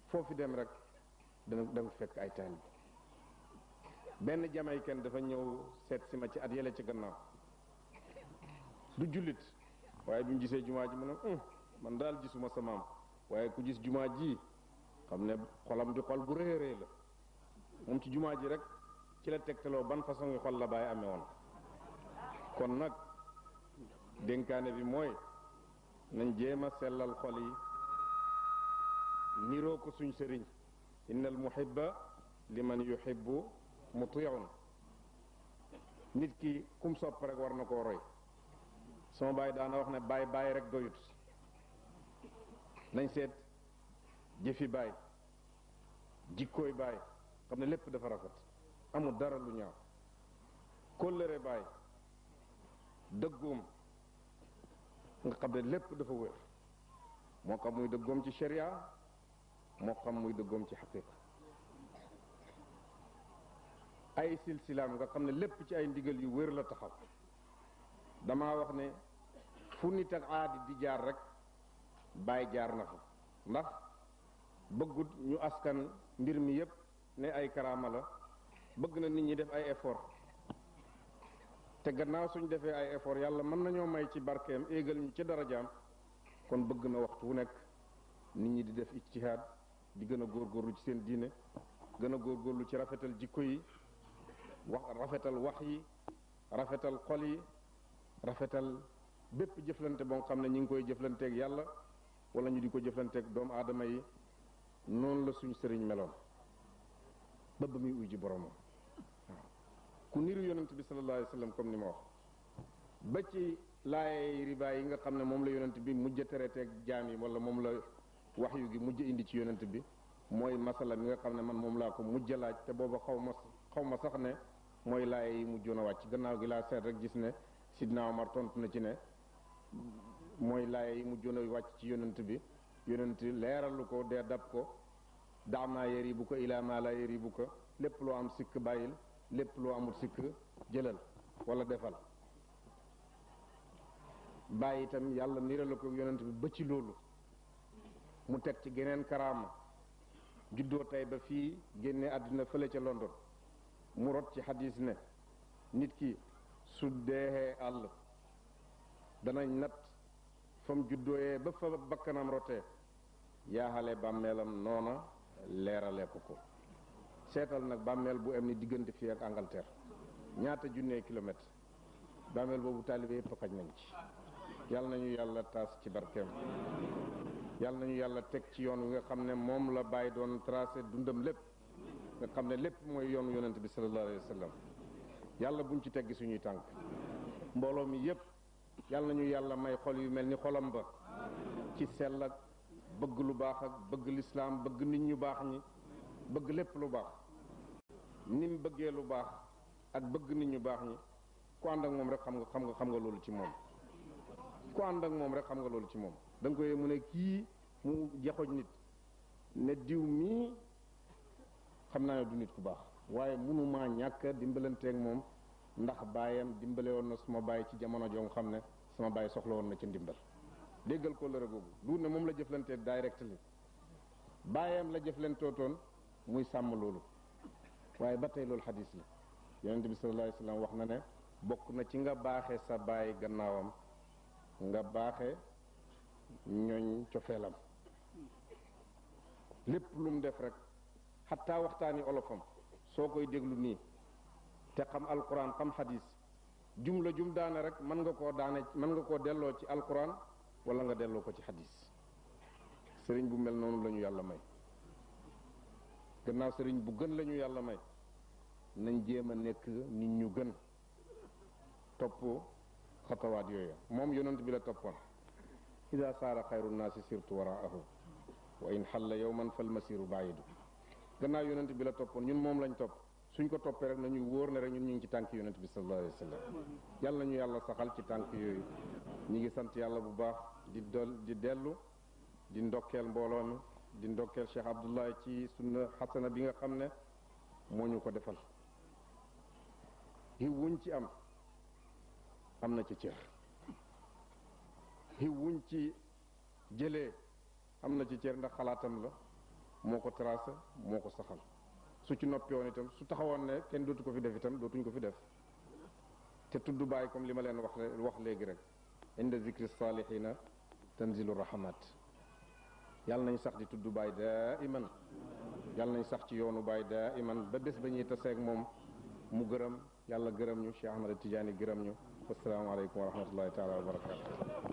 foofu dem rek dana da fekk ay taalibe benn jamay kenn dafa ñëw seet si ma ci at yele ci gannaaw du jullit waaye bi mu gisee jumaa ji mu ne man daal gisuma sa maam waaye ku gis jumaa ji xam ne xolam di xol bu rëy rëy la moom ci jumaa ji rek ci la tegtaloo ban façon ngi xol la bàyyi amee woon kon nag dénkaane bi mooy nañ jéem a sellal xol yi niroo ko suñ sëriñ innal muhibba liman yuhibbu mu tuyoon nit ki kum sopp rek war na koo roy sama baay daana wax ne baay bàyyi rek doyut nañ seet jëfi baay jikkooy baay xam ne lépp dafa rafet amul dara lu ñaaw kóllëre baay dëggoom nga xam ne lépp dafa wér moo xam muy dëggoom ci sharia moo xam muy dëggoom ci xaqiqa ay silsilaam nga xam ne lépp ci ay ndigal yu wér la taxaw dama wax ne fu nit ak aadi di jaar rek bàyyi jaar na fa ndax bëggut ñu askan mbir mi yépp ne ay karaama la bëgg na nit ñi def ay effort te gannaaw suñ defee ay effort yàlla mën nañoo may ci barkeem éegal ñu ci darajaam kon bëgg na wax wu nekk nit ñi di def ijtihaad di gën a góorlu ci seen diine gën a góorgóorlu ci rafetal jikko yi wax rafetal wax yi rafetal xol yi rafetal bépp jëflante boo xam ne ñu ngi koy jëflanteeg yàlla wala ñu di ko jëflanteeg doomu aadama yi noonu la suñu sëriñ meloon ba ba muy uy ji boromam waaw ku niru yonent bi sallallahu alayhi wasallam comme ni ma wax ba ci laay riba yi nga xam ne moom la yonent bi mujj tereteeg jaam yi wala moom la wax yu gi mujj indi ci yonent bi mooy masala mi nga xam ne man moom laa ko mujj laaj te booba xaw ma xaw ma sax ne mooy laay yi mujjoon a wàcc gannaaw gi laa seet rek gis ne sidna Omar tontu na ci ne mooy laay yi mujjoon a wàcc ci yonent bi yonent leeralu ko dee dab ko daanaa yër yi bu ko ilaa maa yi bu ko lépp loo am sikk bàyyil lépp loo amul sikk jëlal wala defal bàyyi itam yàlla niral ko yonent bi ba ci loolu mu teg ci geneen karaama juddoo tey ba fii génne àddina fële ca London mu rot ci xadis ne nit ki su deexee àll danañ nat fa mu juddooyee ba fa bakkanam rotee yaaxale bàmmeelam noona leerale ko ko seetal nag bàmmeel bu am ni diggante fi ak Angleterre ñaata junnee kilomètre bàmmeel boobu taalibe yëpp xaj nañ ci yàlla nañu yàlla taas ci barkeem yàlla nañu yàlla teg ci yoon wi nga xam ne moom la bàyyi doon tracé dundam lépp nga xam ne lépp mooy yoonu yonent bi sallallahu alayhi wa sallam yàlla buñ ci teggi suñuy tànk mbooloo mi yépp yàlla na nañu yàlla may xol yu mel ni xolam ba ci sell ak bëgg lu baax ak bëgg lislaam bëgg nit ñu baax ñi bëgg lépp lu baax nim bëggee lu baax ak bëgg nit ñu baax ñi ku ànd ak moom rek xam nga xam nga xam nga loolu ci moom ku ànd ak moom rek xam nga loolu ci moom koy mu ne kii mu jaxoñ nit ne diw mii xam naa ne du nit ku baax waaye mënumaa ñàkk dimbalanteeg moom ndax baayam dimbale woon na suma baay ci jamono joo nga xam ne sama bàyyi soxla woon na ci ndimbal déggal ko lëre googu du ne moom la jëflantee direct li baayam la jëflantootoon muy sàmm loolu waaye ba tey loolu xadis la yonente bi sallallahu alayhi wasallam wax na ne bokk na ci nga baaxe sa baay gannaawam nga baaxe ñooñ cofeelam lépp lu mu def rek xattaa waxtaani olofam soo koy déglu nii te xam alquran xam xadis jumla jum daane rek mën nga koo daane mën nga koo delloo ci alquran wala nga delloo ko ci xadis sëriñ bu mel noonu lañu yàlla may gannaaw sëriñ bu gën lañu yàlla may nañ jéema a nekk nit ñu gën topp xatawaat yooyu moom yonent bi la toppoon ida saara xayru naasi sirtu waraahu wa in xalla yowman falmasiru baidu gannaaw yonent bi la toppoon ñun moom lañ topp suñ ko toppee rek nañuy wóor ne rek ñun ñu ngi ci tànk yonent bi sallallahu alayhi wa sallam yàlla nañu saxal ci tànk yooyu ñu ngi sant yàlla bu baax di dol di dellu di ndokkeel mbooloo di ndokkeel Cheikh Abdoulaye ci suñ na xasana bi nga xam ne moo ñu ko defal xiw wuñ ci am am na ci cër xiw wuñ ci jëlee am na ci cër ndax xalaatam la moo ko tracé moo ko saxal su ci noppi woon itam su taxawoon ne kenn dootu ko fi def itam dootuñu ko fi def te tudd bàyyi comme li ma leen wax wax léegi rek inda zikri salihina tanzilu rahmat yàlla nañ sax di tudd bàyyi daa iman yàlla nañ sax ci yoonu bàyyi daa iman ba bés ba ñuy taseeg moom mu gërëm yàlla gërëm ñu Cheikh Ahmada Tidiane gërëm ñu wasalaamaaleykum wa rahmatullahi taala wa barakatu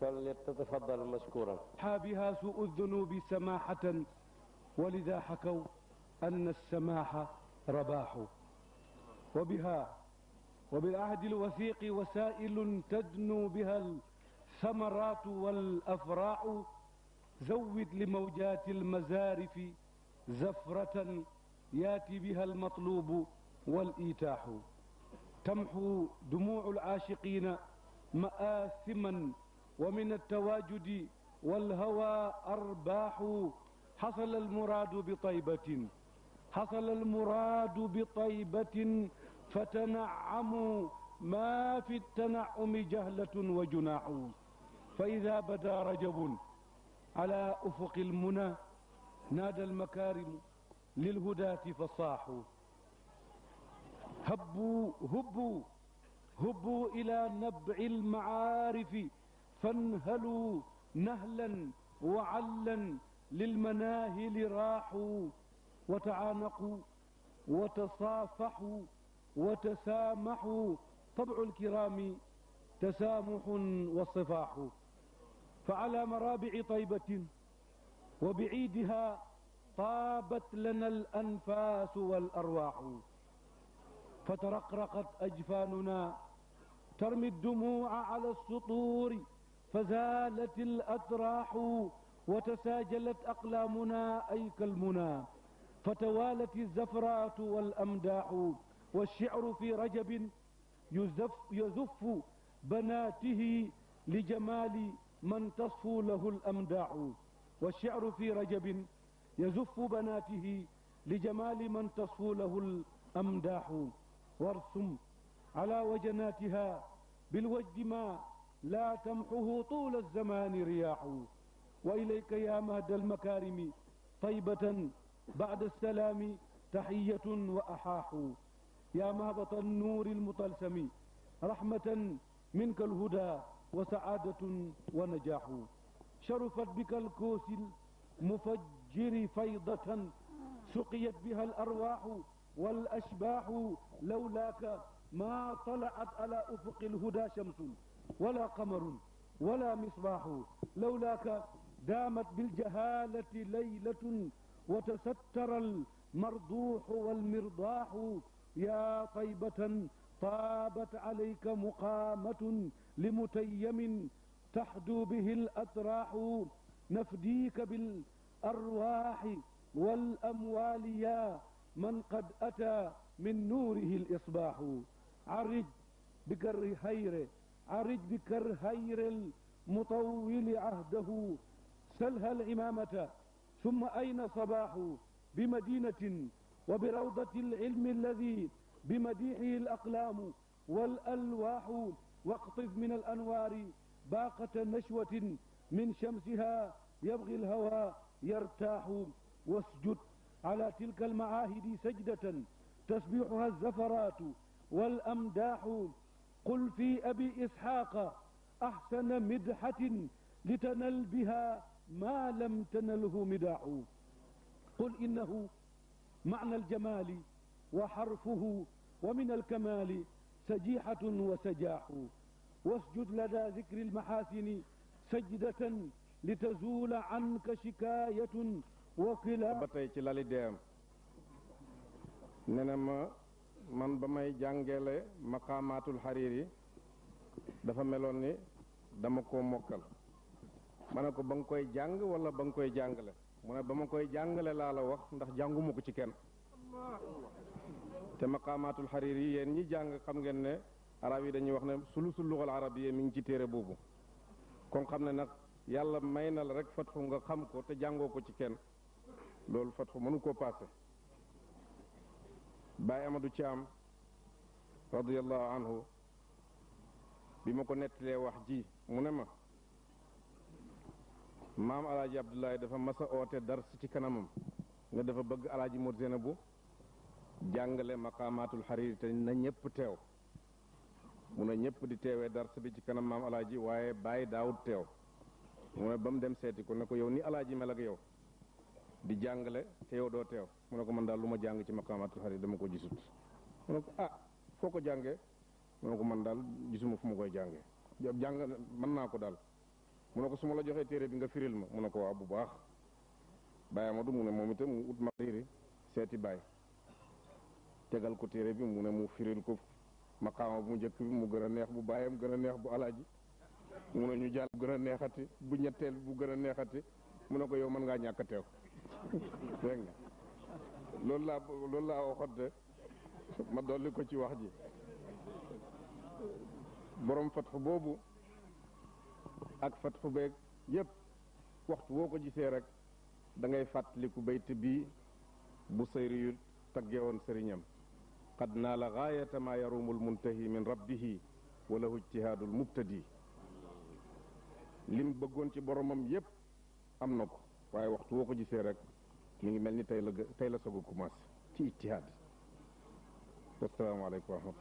فليتفضل مشكورا حابها سوء الذنوب سماحة ولذا حكوا أن السماح رباح وبها وبالعهد الوثيق وسائل تدنو بها الثمرات والأفراح زود لموجات المزارف زفرة ياتي بها المطلوب والإيتاح تمحو دموع العاشقين مآثما ومن التواجد والهوى أرباح حصل المراد بطيبة حصل المراد بطيبة فتنعموا ما في التنعم جهلة وجناع فإذا بدا رجب على أفق المنى نادى المكارم للهداة فصاحوا هبوا هبوا هبوا إلى نبع المعارف فانهلوا نهلا وعلا للمناهل راحوا وتعانقوا وتصافحوا وتسامحوا طبع الكرام تسامح وصفاح فعلى مرابع طيبة وبعيدها طابت لنا الأنفاس والأرواح فترقرقت أجفاننا ترمي الدموع على السطور فزالت الأتراح وتساجلت أقلامنا أي كالمنى فتوالت الزفرات والأمداح والشعر في رجب يزف, يزف بناته لجمال من تصفو له الأمداح والشعر في رجب يزف بناته لجمال من تصفو له الأمداح وارسم على وجناتها بالوجد ما لا تمحه طول الزمان رياح وإليك يا مهد المكارم طيبة بعد السلام تحية وأحاح يا مهبط النور المطلسم رحمة منك الهدى وسعادة ونجاح شرفت بك الكوس المفجر فيضة سقيت بها الأرواح والأشباح لولاك ما طلعت على أفق الهدى شمس ولا قمر ولا مصباح لولاك دامت بالجهالة ليلة وتستر المرضوح والمرضاح يا طيبة طابت عليك مقامة لمتيم تحدو به الأتراح نفديك بالأرواح والأموال يا من قد أتى من نوره الإصباح عرج بكر هيره عرج بكرهير المطول عهده سلها العمامة ثم أين صباح بمدينة وبروضة العلم الذي بمديحه الأقلام والألواح واقطف من الأنوار باقة نشوة من شمسها يبغي الهوى يرتاح واسجد على تلك المعاهد سجدة تسبيحها الزفرات والأمداح قل في أبي إسحاق أحسن مدحة لتنل بها ما لم تنله مداح قل إنه معنى الجمال وحرفه ومن الكمال سجيحة وسجاح واسجد لدى ذكر المحاسن سجدة لتزول عنك شكاية وكلا ba tey ci lali deem nee na ma man ba may jàngale maqaamaatul yi dafa meloon ni dama koo mokkal ma ne ko ba nga koy jàng wala ba nga koy jàngale mu ne ba ma koy jàngale laa la wax ndax jànguma ko ci kenn te maqaamaatul xariiri yi yéen ñi jàng xam ngeen ne arab yi dañuy wax ne sulusul luxal arab yi mi ngi ci téere boobu kon xam ne nag yàlla may na la fat fatxu nga xam ko te jàngoo ko ci kenn loolu fatxu mënu koo paase Baay Amadou Thiam radiallahu anhu bi ma ko nettalee wax ji mu ne ma maam alaaji Abdoulaye dafa masa oote dars ci kanamam ne dafa bëgg alaaji Mor bu jàngale maqaamaatul xariir te na ñépp teew mu ne ñépp di teewee dars bi ci kanam maam alaaji waaye Baay daawut teew mu ne ba mu dem seeti ko ne ko yow ni alaaji mel ak yow di jàngale te yow doo teew mu ne ko man daal lu ma jàng ci maqaamaatul xadiis dama ko gisut mu a ko ah foo ko jànge mu ne ko man daal gisuma fu ma koy jànge jàng mën naa ko daal mu ne ko su ma la joxee téere bi nga firil ma mu ne ko waaw bu baax Baye Amadou mu ne moom itam mu ut ma téere seeti Baye tegal ko téere bi mu ne mu firil ko maqaama bu njëkk bi mu gën a neex bu baayam gën a neex bu alaaji mu ne ñu jàll bu gën a neexati bu ñetteel bu gën a neexati mu ne ko yow mën ngaa ñàkk a teew loolu laa loolu laa ma dolli ko ci wax ji borom fatxu boobu ak fatxu beeg yépp waxtu woo ko gisee rek da ngay fàttaliku bayt bii bu sayri yu taggewoon sëriñam qad la gaayata maa yarumu almuntahi min rabbihi wa lahu ijtihaadu almubtadi lim bëggoon ci boromam yépp am na ko waaye waxtu woo ko gisee rek mi ngi mel ni tey la tey la soog a commencé ci ijtihaad asalaamaaleykum wa rahmatulah